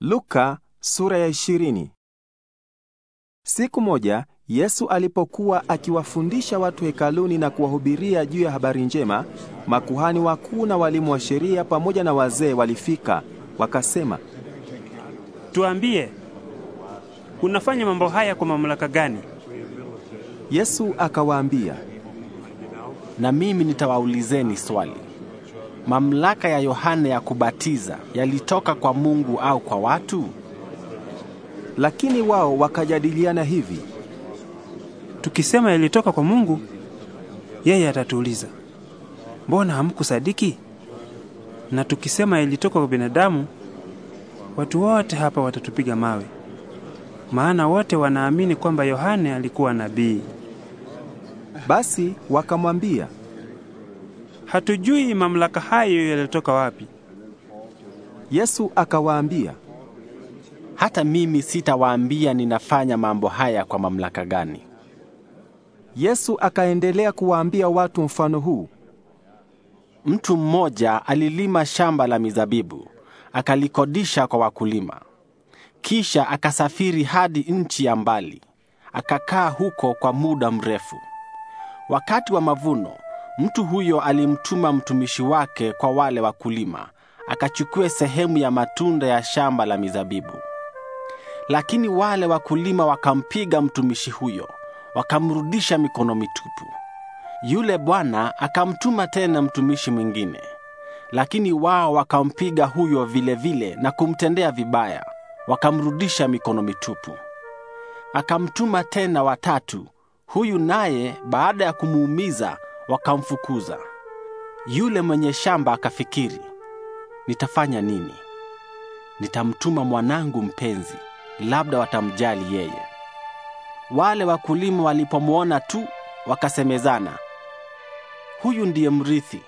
Luka sura ya Siku moja Yesu alipokuwa akiwafundisha watu hekaluni na kuwahubiria juu ya habari njema, makuhani wakuu na walimu wa sheria pamoja na wazee walifika, wakasema, "Tuambie, unafanya mambo haya kwa mamlaka gani?" Yesu akawaambia, "Na mimi nitawaulizeni swali mamlaka ya Yohane ya kubatiza yalitoka kwa Mungu au kwa watu? Lakini wao wakajadiliana hivi, tukisema yalitoka kwa Mungu, yeye atatuuliza mbona hamkusadiki? Na tukisema yalitoka kwa binadamu, watu wote hapa watatupiga mawe, maana wote wanaamini kwamba Yohane alikuwa nabii. Basi wakamwambia Hatujui mamlaka hayo yalitoka wapi. Yesu akawaambia, hata mimi sitawaambia ninafanya mambo haya kwa mamlaka gani. Yesu akaendelea kuwaambia watu mfano huu. Mtu mmoja alilima shamba la mizabibu, akalikodisha kwa wakulima. Kisha akasafiri hadi nchi ya mbali, akakaa huko kwa muda mrefu. Wakati wa mavuno, mtu huyo alimtuma mtumishi wake kwa wale wakulima, akachukue sehemu ya matunda ya shamba la mizabibu. Lakini wale wakulima wakampiga mtumishi huyo, wakamrudisha mikono mitupu. Yule bwana akamtuma tena mtumishi mwingine, lakini wao wakampiga huyo vilevile vile na kumtendea vibaya, wakamrudisha mikono mitupu. Akamtuma tena watatu, huyu naye baada ya kumuumiza wakamfukuza. Yule mwenye shamba akafikiri, nitafanya nini? Nitamtuma mwanangu mpenzi, labda watamjali yeye. Wale wakulima walipomwona tu wakasemezana, huyu ndiye mrithi,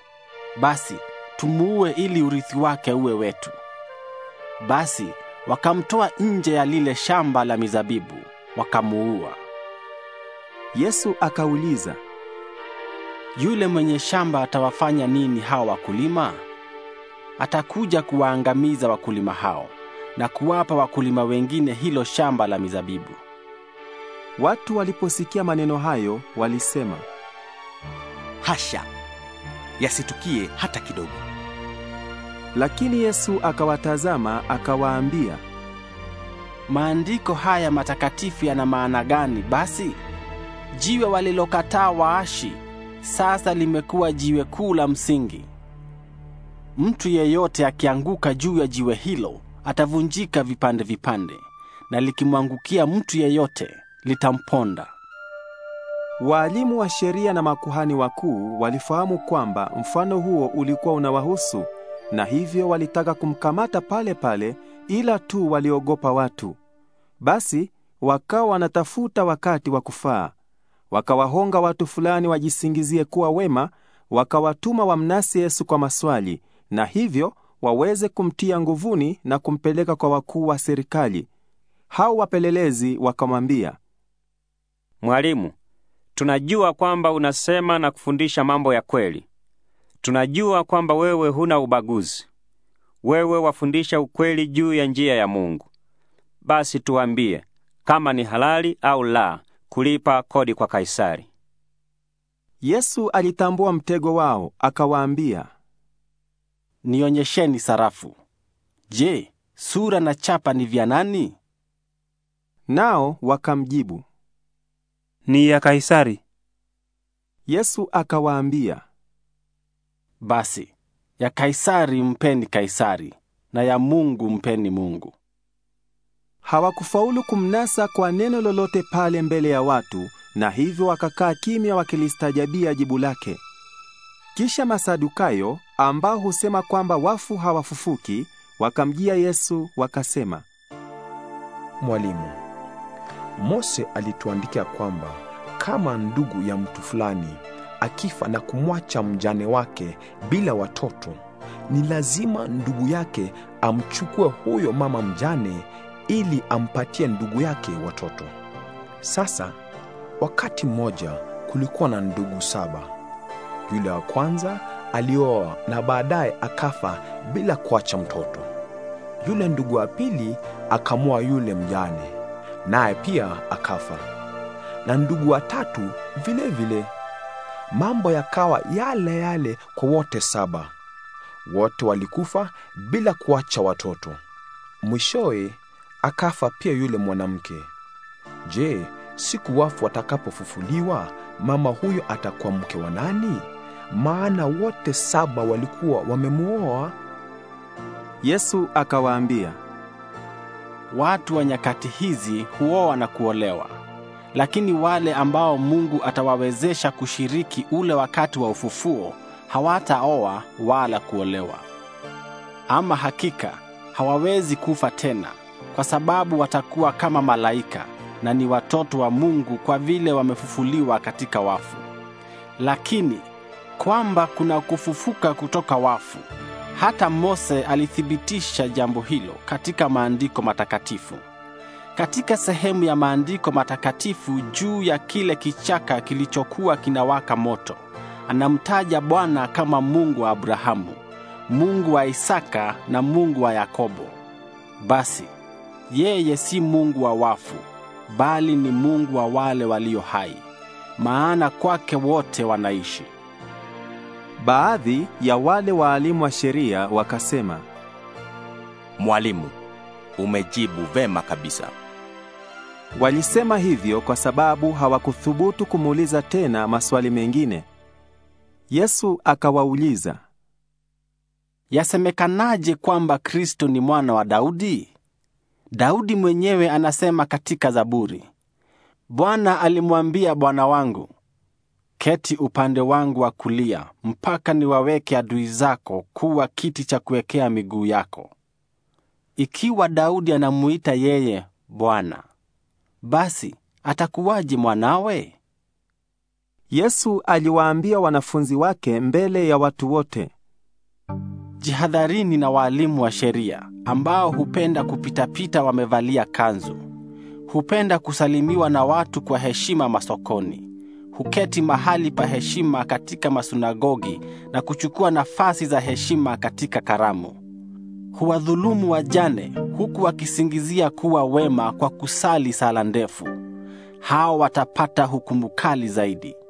basi tumuue ili urithi wake uwe wetu. Basi wakamtoa nje ya lile shamba la mizabibu wakamuua. Yesu akauliza, yule mwenye shamba atawafanya nini hao wakulima? Atakuja kuwaangamiza wakulima hao na kuwapa wakulima wengine hilo shamba la mizabibu. Watu waliposikia maneno hayo walisema, hasha, yasitukie hata kidogo. Lakini Yesu akawatazama akawaambia, maandiko haya matakatifu yana maana gani? Basi jiwe walilokataa waashi sasa limekuwa jiwe kuu la msingi. Mtu yeyote akianguka juu ya jiwe hilo atavunjika vipande vipande, na likimwangukia mtu yeyote litamponda. Waalimu wa sheria na makuhani wakuu walifahamu kwamba mfano huo ulikuwa unawahusu, na hivyo walitaka kumkamata pale pale, ila tu waliogopa watu. Basi wakawa wanatafuta wakati wa kufaa wakawahonga watu fulani wajisingizie kuwa wema, wakawatuma wamnasi Yesu kwa maswali, na hivyo waweze kumtia nguvuni na kumpeleka kwa wakuu wa serikali. Hao wapelelezi wakamwambia, Mwalimu, tunajua kwamba unasema na kufundisha mambo ya kweli. Tunajua kwamba wewe huna ubaguzi. Wewe wafundisha ukweli juu ya njia ya Mungu. Basi tuambie kama ni halali au la kulipa kodi kwa Kaisari. Yesu alitambua mtego wao, akawaambia, nionyesheni sarafu. Je, sura na chapa ni vya nani? Nao wakamjibu, ni ya Kaisari. Yesu akawaambia, basi ya Kaisari mpeni Kaisari, na ya Mungu mpeni Mungu hawakufaulu kumnasa kwa neno lolote pale mbele ya watu, na hivyo wakakaa kimya wakilistajabia jibu lake. Kisha Masadukayo ambao husema kwamba wafu hawafufuki wakamjia Yesu wakasema, Mwalimu, Mose alituandikia kwamba kama ndugu ya mtu fulani akifa na kumwacha mjane wake bila watoto, ni lazima ndugu yake amchukue huyo mama mjane ili ampatie ndugu yake watoto. Sasa wakati mmoja kulikuwa na ndugu saba. Yule wa kwanza alioa na baadaye akafa bila kuacha mtoto. Yule ndugu wa pili akamua yule mjane, naye pia akafa. Na ndugu wa tatu vile vile. Mambo yakawa yale yale kwa wote saba. Wote walikufa bila kuacha watoto. Mwishowe akafa pia yule mwanamke. Je, siku wafu watakapofufuliwa, mama huyo atakuwa mke wa nani? Maana wote saba walikuwa wamemwoa. Yesu akawaambia, watu wa nyakati hizi huoa na kuolewa, lakini wale ambao Mungu atawawezesha kushiriki ule wakati wa ufufuo hawataoa wala kuolewa. Ama hakika hawawezi kufa tena kwa sababu watakuwa kama malaika na ni watoto wa Mungu kwa vile wamefufuliwa katika wafu. Lakini kwamba kuna kufufuka kutoka wafu, hata Mose alithibitisha jambo hilo katika maandiko matakatifu. Katika sehemu ya maandiko matakatifu juu ya kile kichaka kilichokuwa kinawaka moto, anamtaja Bwana kama Mungu wa Abrahamu, Mungu wa Isaka na Mungu wa Yakobo. Basi yeye si Mungu wa wafu, bali ni Mungu wa wale walio hai, maana kwake wote wanaishi. Baadhi ya wale waalimu wa sheria wakasema, Mwalimu, umejibu vema kabisa. Walisema hivyo kwa sababu hawakuthubutu kumuuliza tena maswali mengine. Yesu akawauliza, Yasemekanaje kwamba Kristo ni mwana wa Daudi? Daudi mwenyewe anasema katika Zaburi, Bwana alimwambia Bwana wangu, keti upande wangu wa kulia mpaka niwaweke adui zako kuwa kiti cha kuwekea miguu yako. Ikiwa Daudi anamuita yeye Bwana, basi atakuwaje mwanawe? Yesu aliwaambia wanafunzi wake mbele ya watu wote, Jihadharini na waalimu wa sheria ambao hupenda kupitapita wamevalia kanzu, hupenda kusalimiwa na watu kwa heshima masokoni, huketi mahali pa heshima katika masunagogi na kuchukua nafasi za heshima katika karamu. Huwadhulumu wajane huku wakisingizia kuwa wema kwa kusali sala ndefu. Hao watapata hukumu kali zaidi.